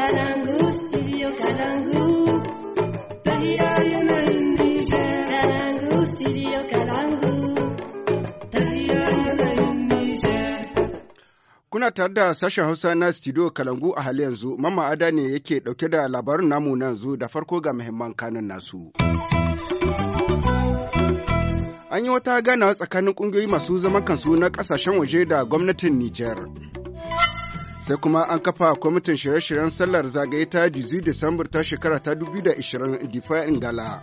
Kalangu, studio Kalangu. Kalangu, studio Kalangu. Kuna tare da sashen Hausa na studio Kalangu a hali yanzu, Mamma Ada ne yake dauke da labarin namu na yanzu da farko ga muhimman kanan nasu. An yi wata ganawa tsakanin ƙungiyoyi masu zaman kansu na ƙasashen waje da gwamnatin Nijar. sai kuma an kafa kwamitin shirye-shiryen sallar zagaye ta 18 disambar ta shekara ta 2020 difa ingala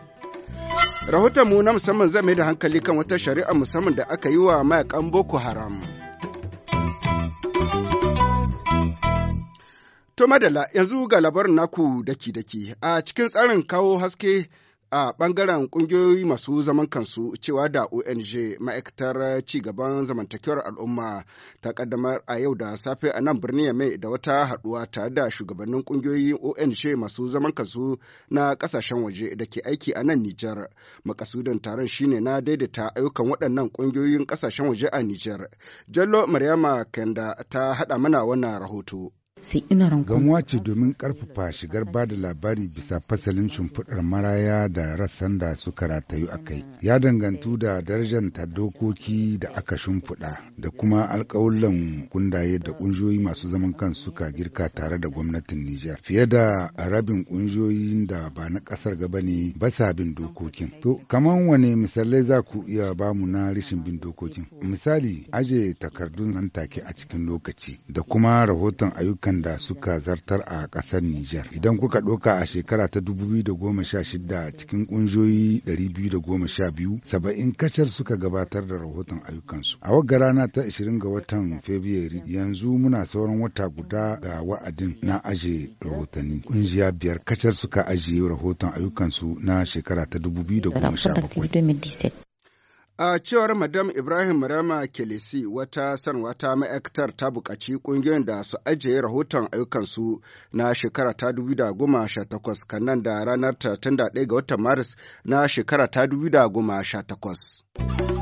rahoton mu na musamman zai mai da hankali kan wata shari'a musamman da aka yi wa mayakan boko haram to madala yanzu ga labarin naku daki-daki a cikin tsarin kawo haske a ɓangaren ƙungiyoyi masu zaman kansu cewa da ONG ma'aikatar gaban zamantakewar al'umma ta ƙaddamar a yau da safe a nan birnin mai da wata haɗuwa tare da shugabannin ƙungiyoyin ONG masu zaman kansu na ƙasashen waje da ke aiki a nan Nijar. makasudin taron shine na daidaita ayyukan waɗannan ƙungiyoyin ƙasashen waje a Nijar. Jallo Maryama Kenda ta haɗa mana wannan rahoto. sai ina Gamuwa ce domin karfafa shigar ba da labari bisa fasalin shimfiɗar maraya da rassan da suka ratayu a kai. Ya dangantu da ta dokoki da aka shimfiɗa da kuma alƙawullan kundaye da ƙungiyoyi masu zaman kansu suka girka tare da gwamnatin Nijar. Fiye da rabin ƙungiyoyin da ba na ƙasar gaba ne ba sa bin dokokin. To, kamar wane misalai za ku iya ba mu na rashin bin dokokin? Misali, aje takardun nan take a cikin lokaci da kuma rahoton ayyuka ayyukan da suka zartar a ƙasar Nijar. Idan kuka ɗauka a shekara ta 2016 cikin ƙungiyoyi 212, saba'in kacar suka gabatar da rahoton ayyukansu. A wagga rana ta 20 ga watan Fabrairu yanzu muna sauran wata guda ga wa'adin na aje rahotanni. Ƙungiya biyar kacar suka ajiye rahoton ayyukansu na shekara ta 2017. A cewar Madam Ibrahim Rama Kelisi wata sanwa ta ma'aikatar ta buƙaci ƙungiyoyin da su ajiye rahoton ayyukansu na shekara ta 2018 kannan da ranar 31 ga watan Maris na shekara ta 2018.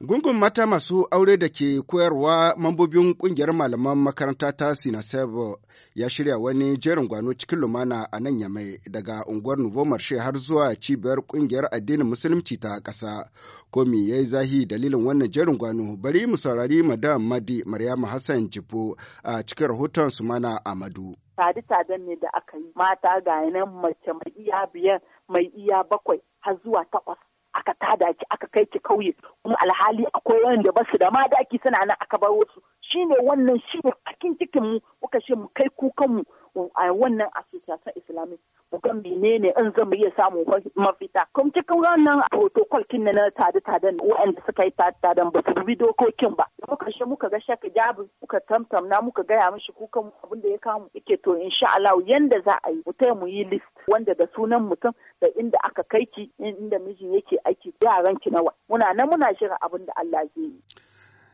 Gungun mata masu aure da ke koyarwa mambobin kungiyar malaman makaranta ta Sinasebo ya shirya wani jerin gwano cikin lumana a nan yamai daga unguwar Nuvo Marshe har zuwa cibiyar kungiyar addinin musulunci ta ƙasa. Komi ya yi zahi dalilin wannan jerin gwano bari mu saurari Madam Madi Maryamu Hassan Jibo a cikin rahoton su Mana Amadu. Tadi tadan ne da aka yi mata ga nan mace mai iya biyar mai iya bakwai har zuwa takwas. aka tada ki aka kai ki kauye kuma alhali akwai wanda basu da ma suna nan aka bar wasu shi ne wannan shi ne cikin cikin mu muka ce mu kai kukan mu a wannan asosiyasan islamic mu ga menene in zamu iya samu mafita kuma cikin wannan protocol kin na tada tadan waɗanda suka yi tada tadan ba su bi dokokin ba muka shi muka ga shaka jabu muka na muka gaya mishi kukan abin da ya kamu yake to insha Allah yanda za a yi mu mu yi list wanda da sunan mutum da inda aka kai ki inda miji yake aiki yaran ki nawa muna nan muna shirin abin Allah zai yi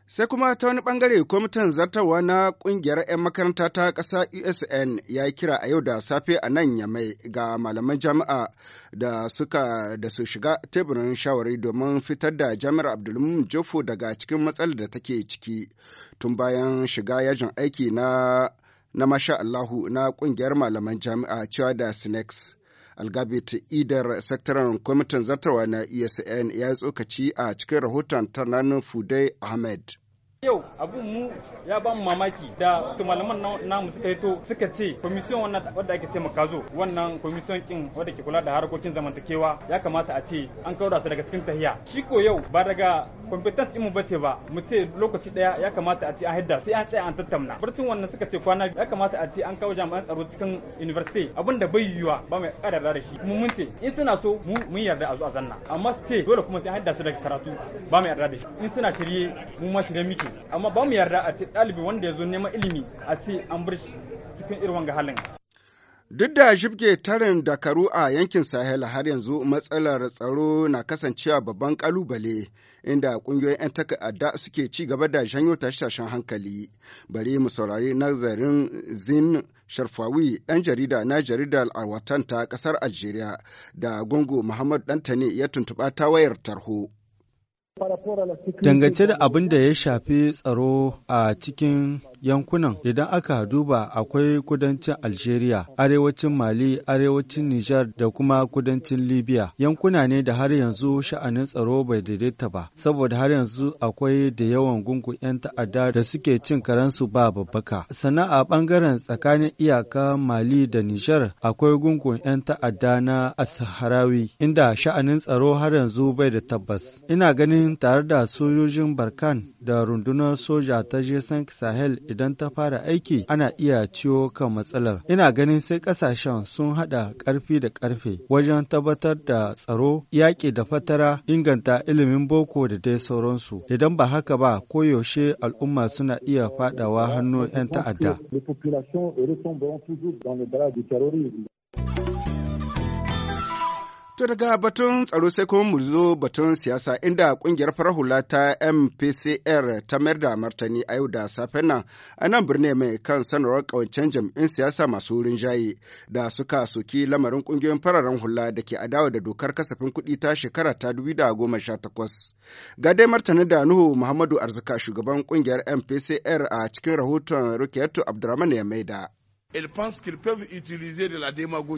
Sai kuma ta wani bangare kwamitin zartarwa na kungiyar 'yan makaranta ta ƙasa USN ya yi kira a yau da safe a nan ya mai ga malaman jami'a da suka da su shiga teburin shawari domin fitar da jami'ar Abdulmumin Jofo daga cikin matsalar da take ciki tun bayan shiga yajin aiki na na masha Allahu na kungiyar malaman jami'a cewa da SNEX. algabit idar sektoran kwamitin zartawa na esn ya yi tsokaci a cikin rahoton tarnanin fudai ahmed yau abun mu ya ba mu mamaki da malaman namu suka to. suka ce komisiyon wannan wadda ake ce makazo wannan komisiyon kin wadda ke kula da harkokin zamantakewa ya kamata a ce an kaura su daga cikin tahiya shi ko yau ba daga competence din mu ce ba mu ce lokaci daya ya kamata a ce an hidda sai an tsaya an tattauna barcin wannan suka ce kwana ya kamata a ce an kawo jami'an tsaro cikin university abin da bai yiwuwa ba mai karara da shi mun ce in suna so mu mun yarda a zo a zanna amma su ce dole kuma sai an hidda su daga karatu ba mai yarda da shi in suna shirye mu ma shirye miki aiki amma ba mu yarda a ce ɗalibi wanda ya zo neman ilimi a ce an bar shi cikin irin wanga halin Duk da shibge tarin dakaru a yankin Sahel har yanzu matsalar tsaro na kasancewa babban kalubale inda kungiyoyin 'yan ta'adda suke ci gaba da janyo tashe-tashen hankali. Bari mu saurari nazarin Zin Sharfawi ɗan jarida na jaridar Alwatan ta ƙasar Algeria da Gungu Muhammad Dantane ya tuntuɓa ta wayar tarho. Dangance da abin da ya shafi tsaro a cikin yankunan idan aka duba akwai kudancin Algeria, arewacin Mali, arewacin Niger, da kuma kudancin Libya. Yankuna ne da har yanzu sha'anin tsaro bai daidaita ba, saboda har yanzu akwai da yawan gungu 'yan ta'adda da suke cin karansu ba babbaka. a bangaren tsakanin iyaka Mali da Niger akwai gungu 'yan ta'adda na Asaharawi, inda sha'anin tsaro har yanzu bai da tabbas. Ina ganin tare da sojojin Barkan da rundunar soja ta jesan Sahel idan ta fara aiki ana iya ciwo kan matsalar. Ina ganin sai ƙasashen sun haɗa karfi da karfe wajen tabbatar da tsaro, yaƙi da fatara, inganta ilimin boko da dai sauransu. Idan ba haka ba koyaushe al'umma suna iya faɗawa hannun 'yan ta'adda. To daga batun tsaro sai kuma mu zo batun siyasa inda kungiyar farar hula ta MPCR ta mayar da martani a yau da safe nan a nan birni mai kan sanarwar kawancen jam'in siyasa masu wurin jaye da suka soki lamarin kungiyoyin fararen hula da ke adawa da dokar kasafin kuɗi ta shekara ta 2018. Ga dai martani da Nuhu Muhammadu Arzika shugaban kungiyar MPCR a cikin rahoton Rukiyatu Abdurrahman ya maida.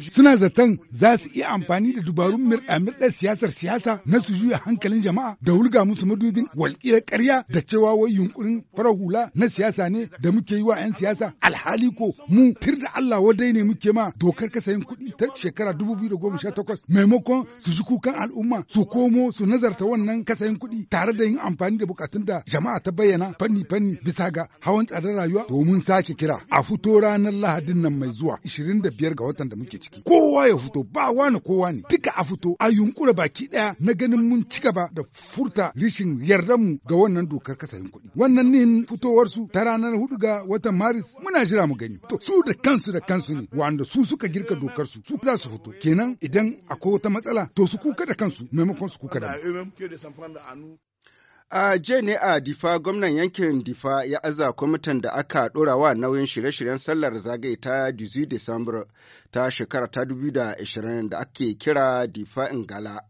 Suna zaton za su iya amfani da dubarun mirɗa-mirɗar siyasar siyasa na su juya hankalin jama'a da hulga musu madubin walƙiyar karya da cewa wai yunkurin farar hula na siyasa ne da muke yi wa 'yan siyasa alhali ko mu tir da Allah wadai ne muke ma dokar kasayin kuɗi ta shekara 2018 maimakon su ji kukan al'umma su komo su nazarta wannan kasayin kuɗi tare da yin amfani da bukatun da jama'a ta bayyana fanni-fanni bisa ga hawan tsadar rayuwa domin sake kira a fito ranar Lahadi lahadin nan mai zuwa 25 ga watan da muke ciki kowa ya fito ba wani kowa ne duka a fito a yunkura baki daya na ganin mun ci gaba da furta rishin yardanmu ga wannan dokar kasarin kuɗi wannan nin fitowar su ta ranar hudu ga watan maris muna jira mu gani to su da kansu da kansu ne wanda su suka girka dokar su su za su fito kenan idan akwai wata matsala to su kuka da kansu maimakon su kuka da mu A jiya ne a Difa gwamnan yankin Difa ya aza kwamitin da aka ɗora wa nauyin shirye-shiryen sallar zagaye ta 18 Disambar ta shekara ta 2020 da ake kira Difa Ingala.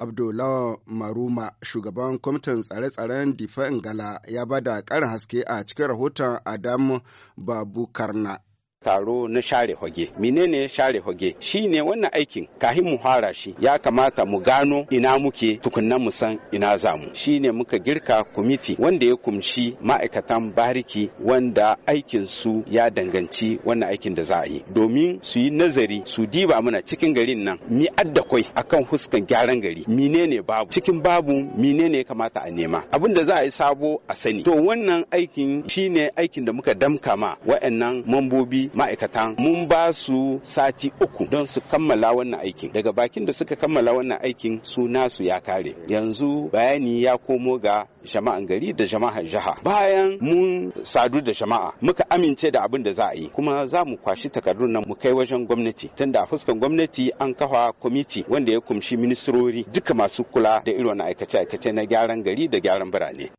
Abdullahi Maruma, shugaban kwamitin tsare-tsaren Difa Ingala ya bada ƙarin haske a cikin rahoton Adamu Babu karna taro na share hoge menene share hoge shine wannan aikin kahin mu fara shi ya kamata mu gano ina muke tukunna mu san ina zamu shine muka girka kwamiti wanda ya kumshi ma'aikatan bariki wanda aikin su ya danganci wannan aikin da za a yi domin su yi nazari su diba mana cikin garin nan mi adda kwai akan huskan gyaran gari menene babu cikin babu menene ya kamata a nema abin da za a yi sabo a sani to wannan aikin shine aikin da muka damka ma wa'annan mambobi ma'aikatan mun ba su sati uku don su kammala wannan aikin daga bakin da suka kammala wannan aikin su nasu ya kare yanzu bayani ya komo ga jama'an gari da jama'an jiha bayan mun sadu da jama'a muka amince da abin da za a yi kuma za mu kwashi takardun nan mu kai wajen gwamnati tunda a fuskan gwamnati an kafa kwamiti wanda ya kumshi ministrori duka masu kula da irin aikace-aikace na gyaran gari da gyaran birane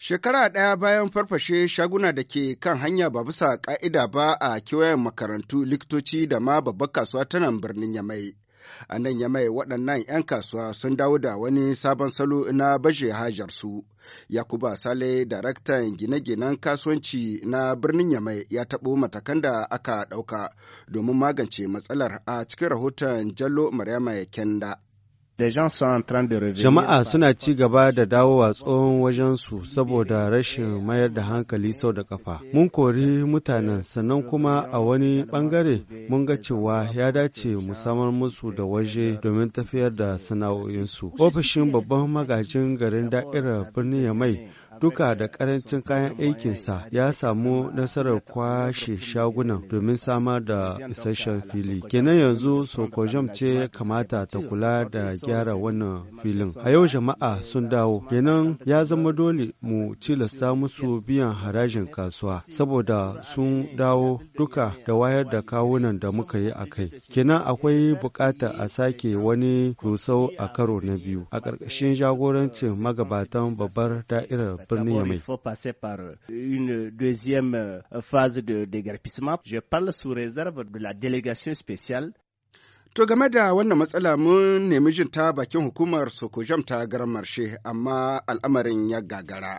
Shekara ɗaya bayan farfashe shaguna da ke kan hanya ba bisa ƙa'ida ba a kewayen makarantu likitoci da ma babbar kasuwa ta nan birnin Yamai. A nan Yamai waɗannan 'yan kasuwa sun dawo da wani sabon salo na baje hajarsu. Yakuba Sale, daraktan gine-ginen kasuwanci na birnin Yamai ya taɓo matakan da aka ɗauka domin magance matsalar a cikin rahoton Jallo Maryama Kenda. Jama'a suna ci gaba da dawowa tsohon wajensu saboda rashin mayar da hankali sau da kafa. Mun kori mutanen sannan kuma a wani bangare mun ga cewa ya dace mu samar musu da waje domin tafiyar da sana'o'insu. Ofishin babban magajin garin da'irar birnin ya mai. duka da karancin kayan aikinsa ya samu nasarar kwashe shagunan domin samar da isasshen fili kenan yanzu sokojam ce ya kamata ta kula da gyara wannan filin a yau jama'a sun dawo kenan ya zama dole mu tilasta musu biyan harajin kasuwa saboda sun dawo duka da wayar da kawunan da muka yi a kai kenan akwai bukata a sake wani rusau a karo na biyu a ƙarƙashin jagorancin magabatan babbar da'irar d'abord il faut passer par euh, une deuxième euh, phase de dégarpissement. Je parle sous réserve de la délégation spéciale To game da wannan matsala mun nemi jin ta bakin hukumar Sokojam ta garin marshe amma al'amarin ya gagara.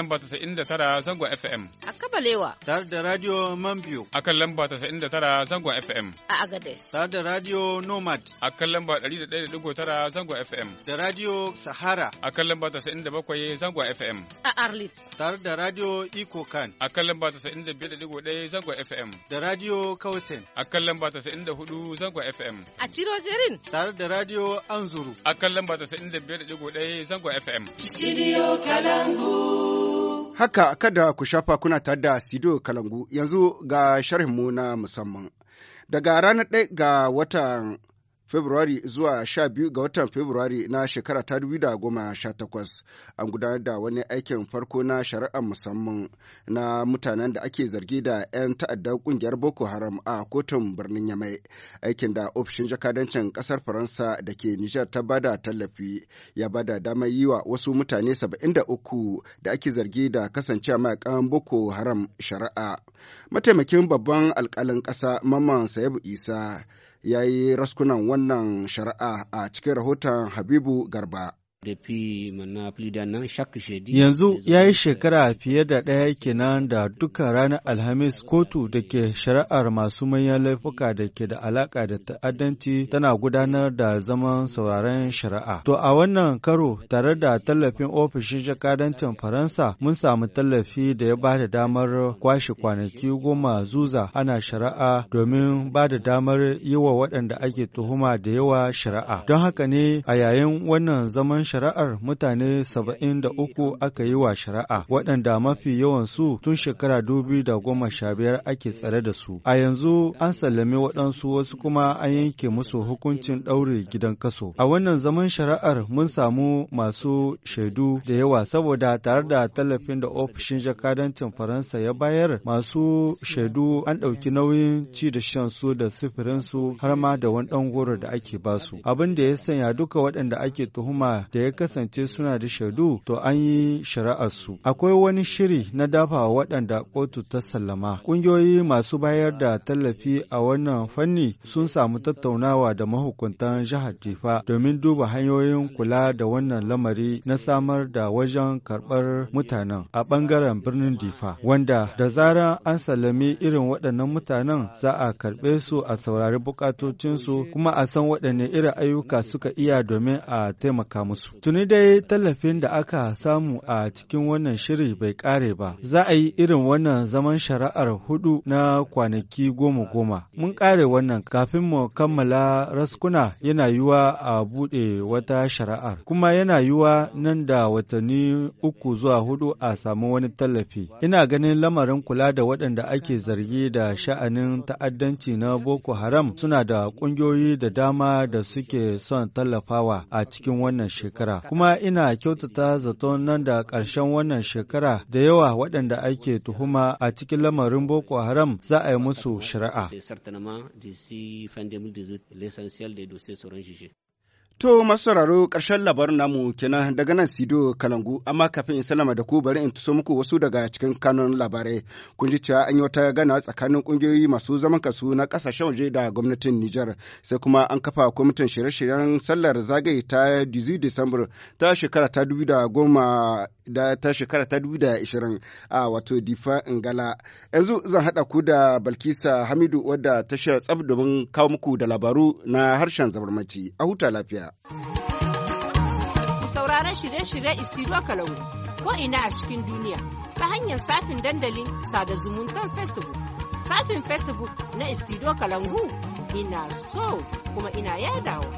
lamba tara zango FM. A Kabalewa. Tare da Radio Mambiyo. A kan lamba tara zango FM. A Agades. Tare da Radio Nomad. A kan lamba da da tara zango FM. Da Radio Sahara. A kan lamba bakwai zango FM. A Arlit. Tare da Radio Iko Kan. A kan lamba biyar da ɗaya zango FM. Da Radio Kausen. A kan lamba hudu zango FM. A Ciro Zerin. Tare da Radio Anzuru. A kan lamba biyar da ɗaya zango FM. Studio Kalangu. Haka kada ku shafa kuna tare da Sido Kalangu yanzu ga sharhinmu na musamman. Daga ranar 1 ga watan Fabrairu zuwa 12 ga watan Fabrairu na shekara ta 2018 an gudanar da wani aikin farko na shari'a musamman na mutanen da ake zargi da 'yan ta'addar kungiyar Boko Haram a kotun birnin Yamai. Aikin da ofishin jakadancin kasar Faransa da ke Nijar ta bada tallafi ya bada damar yi wa wasu mutane 73 da ake zargi da kasancewa mayakan Boko Haram shari'a. Mataimakin babban alkalin ƙasa Mamman Sayabu Isa ya yi raskunan wannan shari'a a cikin rahoton Habibu Garba. Yanzu ya yi shekara fiye da ɗaya kenan da duka ranar Alhamis kotu da ke shari'ar masu manyan laifuka da ke da alaƙa da ta'addanci tana gudanar da zaman sauraren shari'a. To a wannan karo tare da tallafin ofishin jakadancin Faransa mun samu tallafi da ya ba da damar kwashe kwanaki goma zuza ana shari'a domin ba da damar yi wa waɗanda ake tuhuma da yawa shari'a. Don haka ne a yayin wannan zaman shari'ar mutane saba'in da uku aka yi wa shari'a waɗanda mafi yawan su tun shekara goma biyar ake tsare da su. A yanzu an sallame waɗansu wasu kuma an yanke musu hukuncin ɗaure gidan kaso. A wannan zaman shari'ar mun samu masu shaidu da yawa saboda tare da tallafin da ofishin jakadancin Faransa ya bayar masu shaidu an ɗauki nauyin ci da shan su da sifirin su har ma da wani ɗan goro da ake basu. Abin da ya sanya duka waɗanda ake tuhuma da da ya kasance suna da shaidu to an yi shari'arsu. Akwai wani shiri na dafa waɗanda kotu ta sallama. Ƙungiyoyi masu bayar da tallafi a wannan fanni sun samu tattaunawa da mahukuntan jihar Jifa domin duba hanyoyin kula da wannan lamari na samar da wajen karɓar mutanen a ɓangaren birnin Difa, wanda da zarar an sallami irin waɗannan mutanen za a karɓe su a saurari bukatocinsu kuma a san waɗanne irin ayyuka suka iya domin a taimaka musu. Tuni dai tallafin da aka samu a cikin wannan shiri bai ƙare ba. Za a yi irin wannan zaman shari'ar hudu na kwanaki goma-goma. Mun ƙare wannan kafin mu kammala raskuna yana yiwa a buɗe wata shari'ar. Kuma yana yiwa nan da watanni uku zuwa hudu a samu wani tallafi. Ina ganin lamarin kula da waɗanda ake zargi da sha'anin ta'addanci na Boko Haram suna da ƙungiyoyi da dama da suke son tallafawa a cikin wannan shekara. shekara. Kuma ina kyautata zato nan da ƙarshen wannan shekara da yawa waɗanda ake tuhuma a cikin lamarin Boko Haram za a yi musu shari'a. To masararo ƙarshen labarin namu kenan daga nan Sido Kalangu amma kafin in salama da ku bari in tuso muku wasu daga cikin kanun labarai. Kun ji cewa an yi wata gana tsakanin ƙungiyoyi masu zaman kasu na ƙasashen waje da gwamnatin Nijar sai kuma an kafa kwamitin shirye-shiryen sallar zagaye ta 18 Disambar ta shekara ta dubu da goma da ta shekara ta dubu da ishirin a wato Difa Ngala. Yanzu zan haɗa ku da Balkisa Hamidu wadda tashar tsab domin kawo muku da labaru na harshen zabarmaci. A huta lafiya. ku Sauraron shirye-shirye Isidro kalangu ko ina a cikin duniya ta hanyar safin dandalin sada zumuntar Facebook. Safin Facebook na Isidro Kalangu ina so kuma ina yadawa.